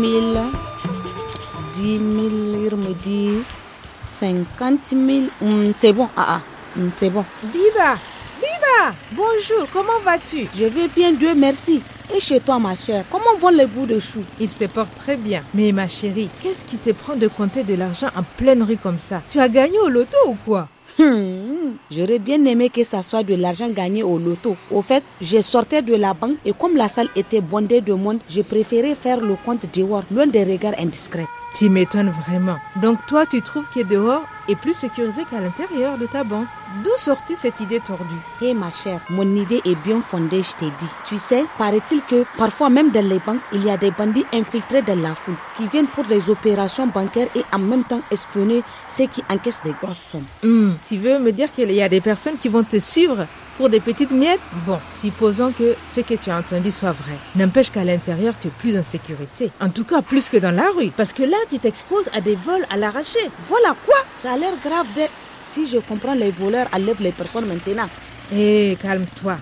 000, 10 000, il me dit 50 000. Hum, c'est bon, ah, ah hum, c'est bon. Viva Viva bonjour, comment vas-tu Je vais bien, Dieu merci. Et chez toi, ma chère, comment vont les bouts de chou Ils se portent très bien. Mais ma chérie, qu'est-ce qui te prend de compter de l'argent en pleine rue comme ça Tu as gagné au loto ou quoi Hmm. j'aurais bien aimé que ça soit de l'argent gagné au loto. Au fait, je sortais de la banque et comme la salle était bondée de monde, j'ai préféré faire le compte dehors, loin des regards indiscrets. Tu m'étonnes vraiment. Donc toi, tu trouves qu'il est dehors est plus sécurisé qu'à l'intérieur de ta banque. D'où sort-tu cette idée tordue Eh ma chère, mon idée est bien fondée, je t'ai dit. Tu sais, paraît-il que parfois même dans les banques, il y a des bandits infiltrés dans la foule qui viennent pour des opérations bancaires et en même temps espionner ceux qui encaissent des grosses sommes. Hmm, tu veux me dire qu'il y a des personnes qui vont te suivre pour des petites miettes, bon, supposons que ce que tu as entendu soit vrai. N'empêche qu'à l'intérieur, tu es plus en sécurité. En tout cas, plus que dans la rue. Parce que là, tu t'exposes à des vols à l'arraché. Voilà quoi Ça a l'air grave de... Si je comprends, les voleurs enlèvent les personnes maintenant. Hé, eh, calme-toi.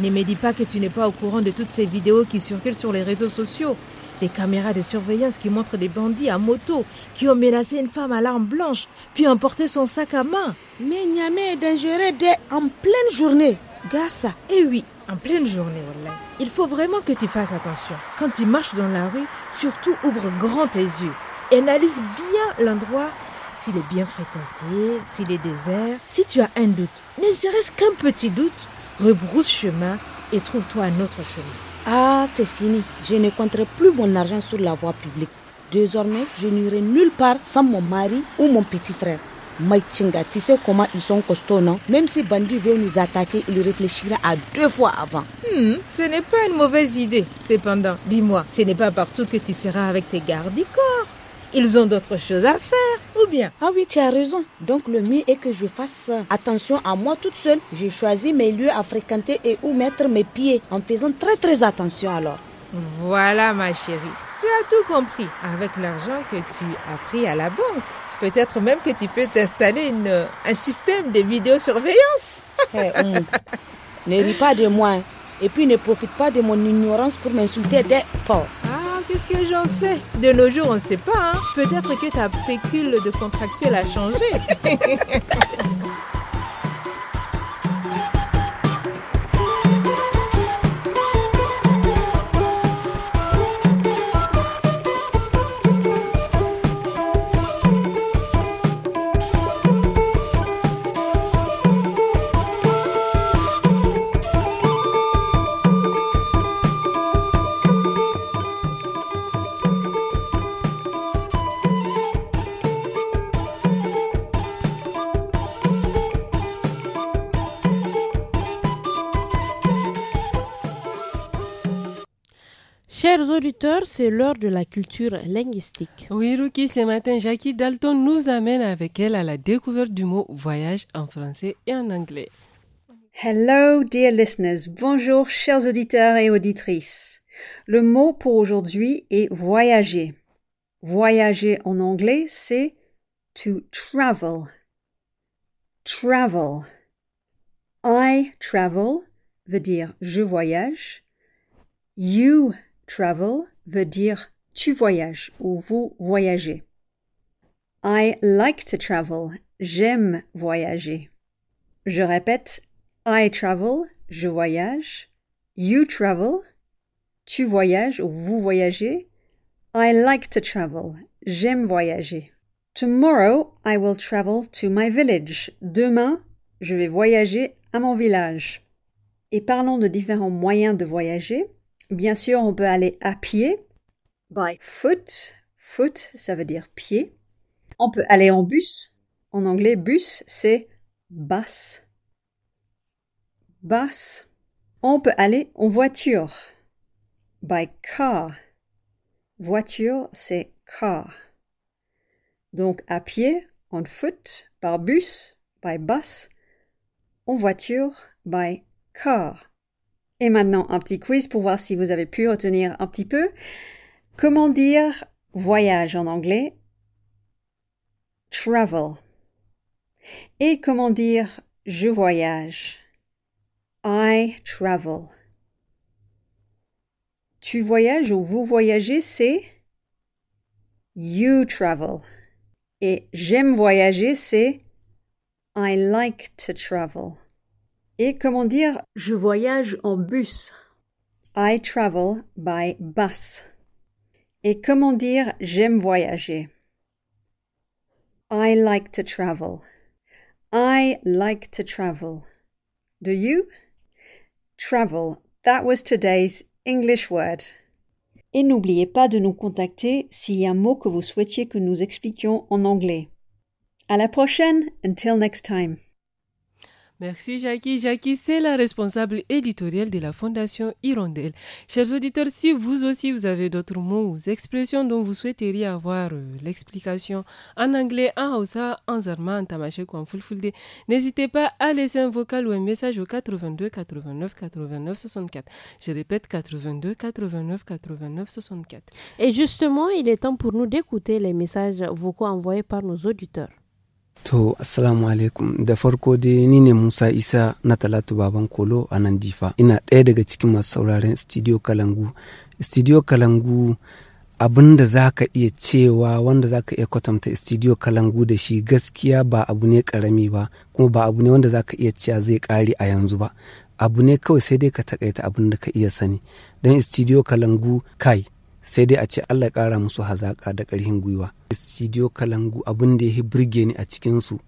Ne me dis pas que tu n'es pas au courant de toutes ces vidéos qui circulent sur les réseaux sociaux. Des caméras de surveillance qui montrent des bandits à moto qui ont menacé une femme à l'arme blanche, puis emporté son sac à main. Mais Niamey est dangereux dès en pleine journée. Gassa. Eh oui, en pleine journée, Wallah. Il faut vraiment que tu fasses attention. Quand tu marches dans la rue, surtout ouvre grand tes yeux analyse bien l'endroit. S'il est bien fréquenté, s'il est désert, si tu as un doute, ne serait-ce qu'un petit doute, rebrousse chemin et trouve-toi un autre chemin. Ah, c'est fini. Je ne compterai plus mon argent sur la voie publique. Désormais, je n'irai nulle part sans mon mari ou mon petit frère. Mike Chinga, tu sais comment ils sont costauds, non Même si Bandi veut nous attaquer, il réfléchira à deux fois avant. Hmm, ce n'est pas une mauvaise idée. Cependant, dis-moi, ce n'est pas partout que tu seras avec tes gardes corps ils ont d'autres choses à faire, ou bien Ah oui, tu as raison. Donc le mieux est que je fasse euh, attention à moi toute seule. J'ai choisi mes lieux à fréquenter et où mettre mes pieds, en faisant très très attention alors. Voilà ma chérie, tu as tout compris avec l'argent que tu as pris à la banque. Peut-être même que tu peux t'installer euh, un système de vidéosurveillance. Eh, hum. Ne ris pas de moi hein. et puis ne profite pas de mon ignorance pour m'insulter des fois Ah. Hein, qu'est-ce que j'en sais De nos jours, on ne sait pas. Hein. Peut-être que ta pécule de contractuel a changé. c'est l'heure de la culture linguistique. Oui, Ruki, ce matin, Jackie Dalton nous amène avec elle à la découverte du mot voyage en français et en anglais. Hello, dear listeners. Bonjour, chers auditeurs et auditrices. Le mot pour aujourd'hui est voyager. Voyager en anglais, c'est to travel. Travel. I travel veut dire je voyage. You travel veut dire tu voyages ou vous voyagez. I like to travel. J'aime voyager. Je répète, I travel, je voyage. You travel, tu voyages ou vous voyagez. I like to travel. J'aime voyager. Tomorrow, I will travel to my village. Demain, je vais voyager à mon village. Et parlons de différents moyens de voyager. Bien sûr, on peut aller à pied. By foot. Foot, ça veut dire pied. On peut aller en bus. En anglais, bus, c'est bus. Bus. On peut aller en voiture. By car. Voiture, c'est car. Donc à pied, on foot, par bus, by bus, en voiture, by car. Et maintenant, un petit quiz pour voir si vous avez pu retenir un petit peu. Comment dire voyage en anglais? Travel. Et comment dire je voyage? I travel. Tu voyages ou vous voyagez, c'est you travel. Et j'aime voyager, c'est I like to travel. Et comment dire Je voyage en bus. I travel by bus. Et comment dire J'aime voyager. I like to travel. I like to travel. Do you? Travel. That was today's English word. Et n'oubliez pas de nous contacter s'il y a un mot que vous souhaitiez que nous expliquions en anglais. À la prochaine. Until next time. Merci Jackie. Jackie, c'est la responsable éditoriale de la Fondation Hirondelle. Chers auditeurs, si vous aussi vous avez d'autres mots ou expressions dont vous souhaiteriez avoir euh, l'explication en anglais, en hausa, en zarma, en tamashek ou en fulfulde, n'hésitez pas à laisser un vocal ou un message au 82 89 89 64. Je répète 82 89 89 64. Et justement, il est temps pour nous d'écouter les messages vocaux envoyés par nos auditeurs. To, Assalamu alaikum. Da farko dai ni ne Musa Isa na Talatu Baban Kolo a nan Difa. Ina ɗaya daga cikin masu sauraren Studio Kalangu. Studio Kalangu abin da za ka iya cewa wanda za ka iya kwatanta Studio Kalangu da shi gaskiya ba abu ne ƙarami ba, kuma ba abu ne wanda za ka iya cewa zai ƙare a yanzu ba. Abu ne kawai sai dai ka taƙaita abin da ka iya sani. Don Studio Kalangu kai sai dai a ce Allah ya ƙara musu hazaƙa da ƙarfin gwiwa. Studio Kalangu abin da ya burge ni a cikin su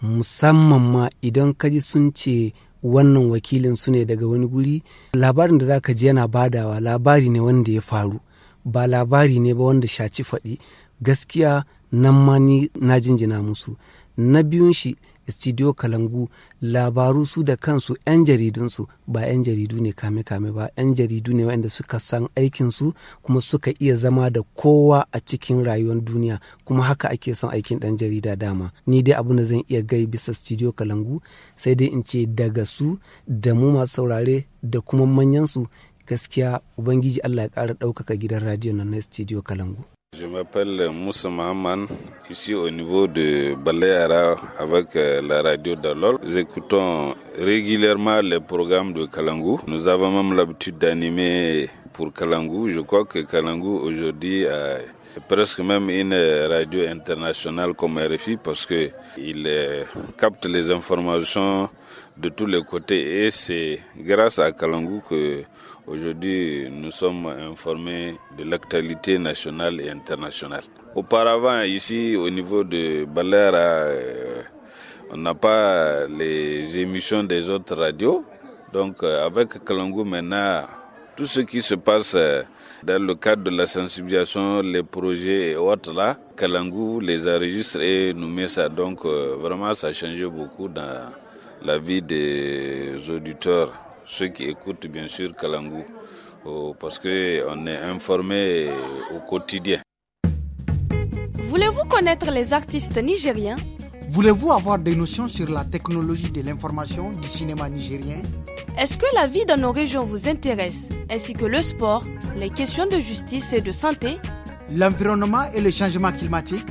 musamman ma idan ka ji sun ce wannan wakilin su ne daga wani guri labarin da za ka ji yana badawa labari ne wanda ya faru ba labari ne ba wanda shaci faɗi gaskiya nan ma ni na jinjina musu na biyun shi studio kalangu labaru su da kansu 'yan jaridunsu ba 'yan jaridu ne kame-kame ba 'yan jaridu ne wanda suka san aikinsu kuma suka iya zama da kowa a cikin rayuwar duniya kuma haka ake son aikin ɗan jarida dama ni dai abu da zan iya gai bisa studio kalangu sai dai in ce daga su da mu masu saurare da kuma manyansu gaskiya ubangiji allah ya ƙara ɗaukaka gidan radio na studio kalangu Je m'appelle Moussa Mahaman, ici au niveau de Baléara, avec euh, la radio d'Alol. Nous écoutons régulièrement les programmes de Kalangu. Nous avons même l'habitude d'animer pour Kalangu. Je crois que Kalangu aujourd'hui a presque même une radio internationale comme RFI parce que il euh, capte les informations de tous les côtés et c'est grâce à Kalangu que Aujourd'hui, nous sommes informés de l'actualité nationale et internationale. Auparavant, ici, au niveau de Balera, euh, on n'a pas les émissions des autres radios. Donc, euh, avec Kalangu, maintenant, tout ce qui se passe euh, dans le cadre de la sensibilisation, les projets et autres là, Kalangu les enregistre et nous met ça. Donc, vraiment, ça a changé beaucoup dans la vie des auditeurs ceux qui écoutent bien sûr Kalangou, oh, parce qu'on est informé au quotidien. Voulez-vous connaître les artistes nigériens Voulez-vous avoir des notions sur la technologie de l'information du cinéma nigérien Est-ce que la vie dans nos régions vous intéresse, ainsi que le sport, les questions de justice et de santé L'environnement et le changement climatique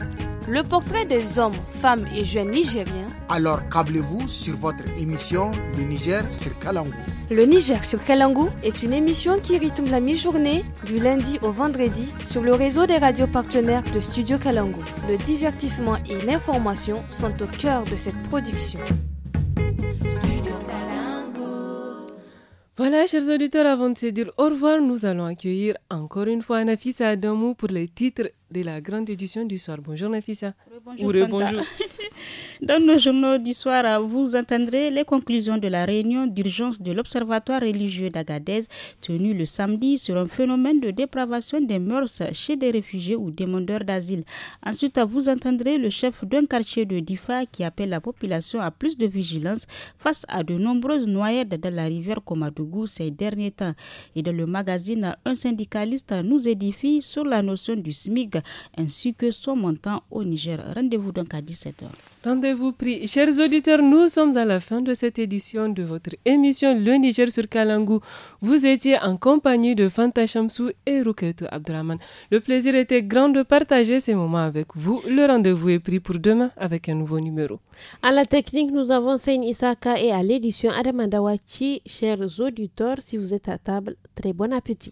le portrait des hommes, femmes et jeunes nigériens. Alors câblez-vous sur votre émission Le Niger sur Kalangou. Le Niger sur Kalangou est une émission qui rythme la mi-journée du lundi au vendredi sur le réseau des radios partenaires de Studio Kalangou. Le divertissement et l'information sont au cœur de cette production. Voilà, chers auditeurs, avant de se dire au revoir, nous allons accueillir encore une fois Nafisa Adamou pour les titres de la grande édition du soir. Bonjour Nafisa. Bonjour. bonjour. Dans nos journaux du soir, vous entendrez les conclusions de la réunion d'urgence de l'Observatoire religieux d'Agadez tenue le samedi sur un phénomène de dépravation des mœurs chez des réfugiés ou demandeurs d'asile. Ensuite, vous entendrez le chef d'un quartier de Difa qui appelle la population à plus de vigilance face à de nombreuses noyades dans la rivière Komadougou ces derniers temps. Et dans le magazine, un syndicaliste nous édifie sur la notion du SMIG ainsi que son montant au Niger. Rendez-vous donc à 17h. Rendez-vous pris. Chers auditeurs, nous sommes à la fin de cette édition de votre émission Le Niger sur Kalangu. Vous étiez en compagnie de Fanta Chamsou et Ruketo Abdraman. Le plaisir était grand de partager ces moments avec vous. Le rendez-vous est pris pour demain avec un nouveau numéro. À la technique, nous avons Seine Isaka et à l'édition Andawachi. Chers auditeurs, si vous êtes à table, très bon appétit.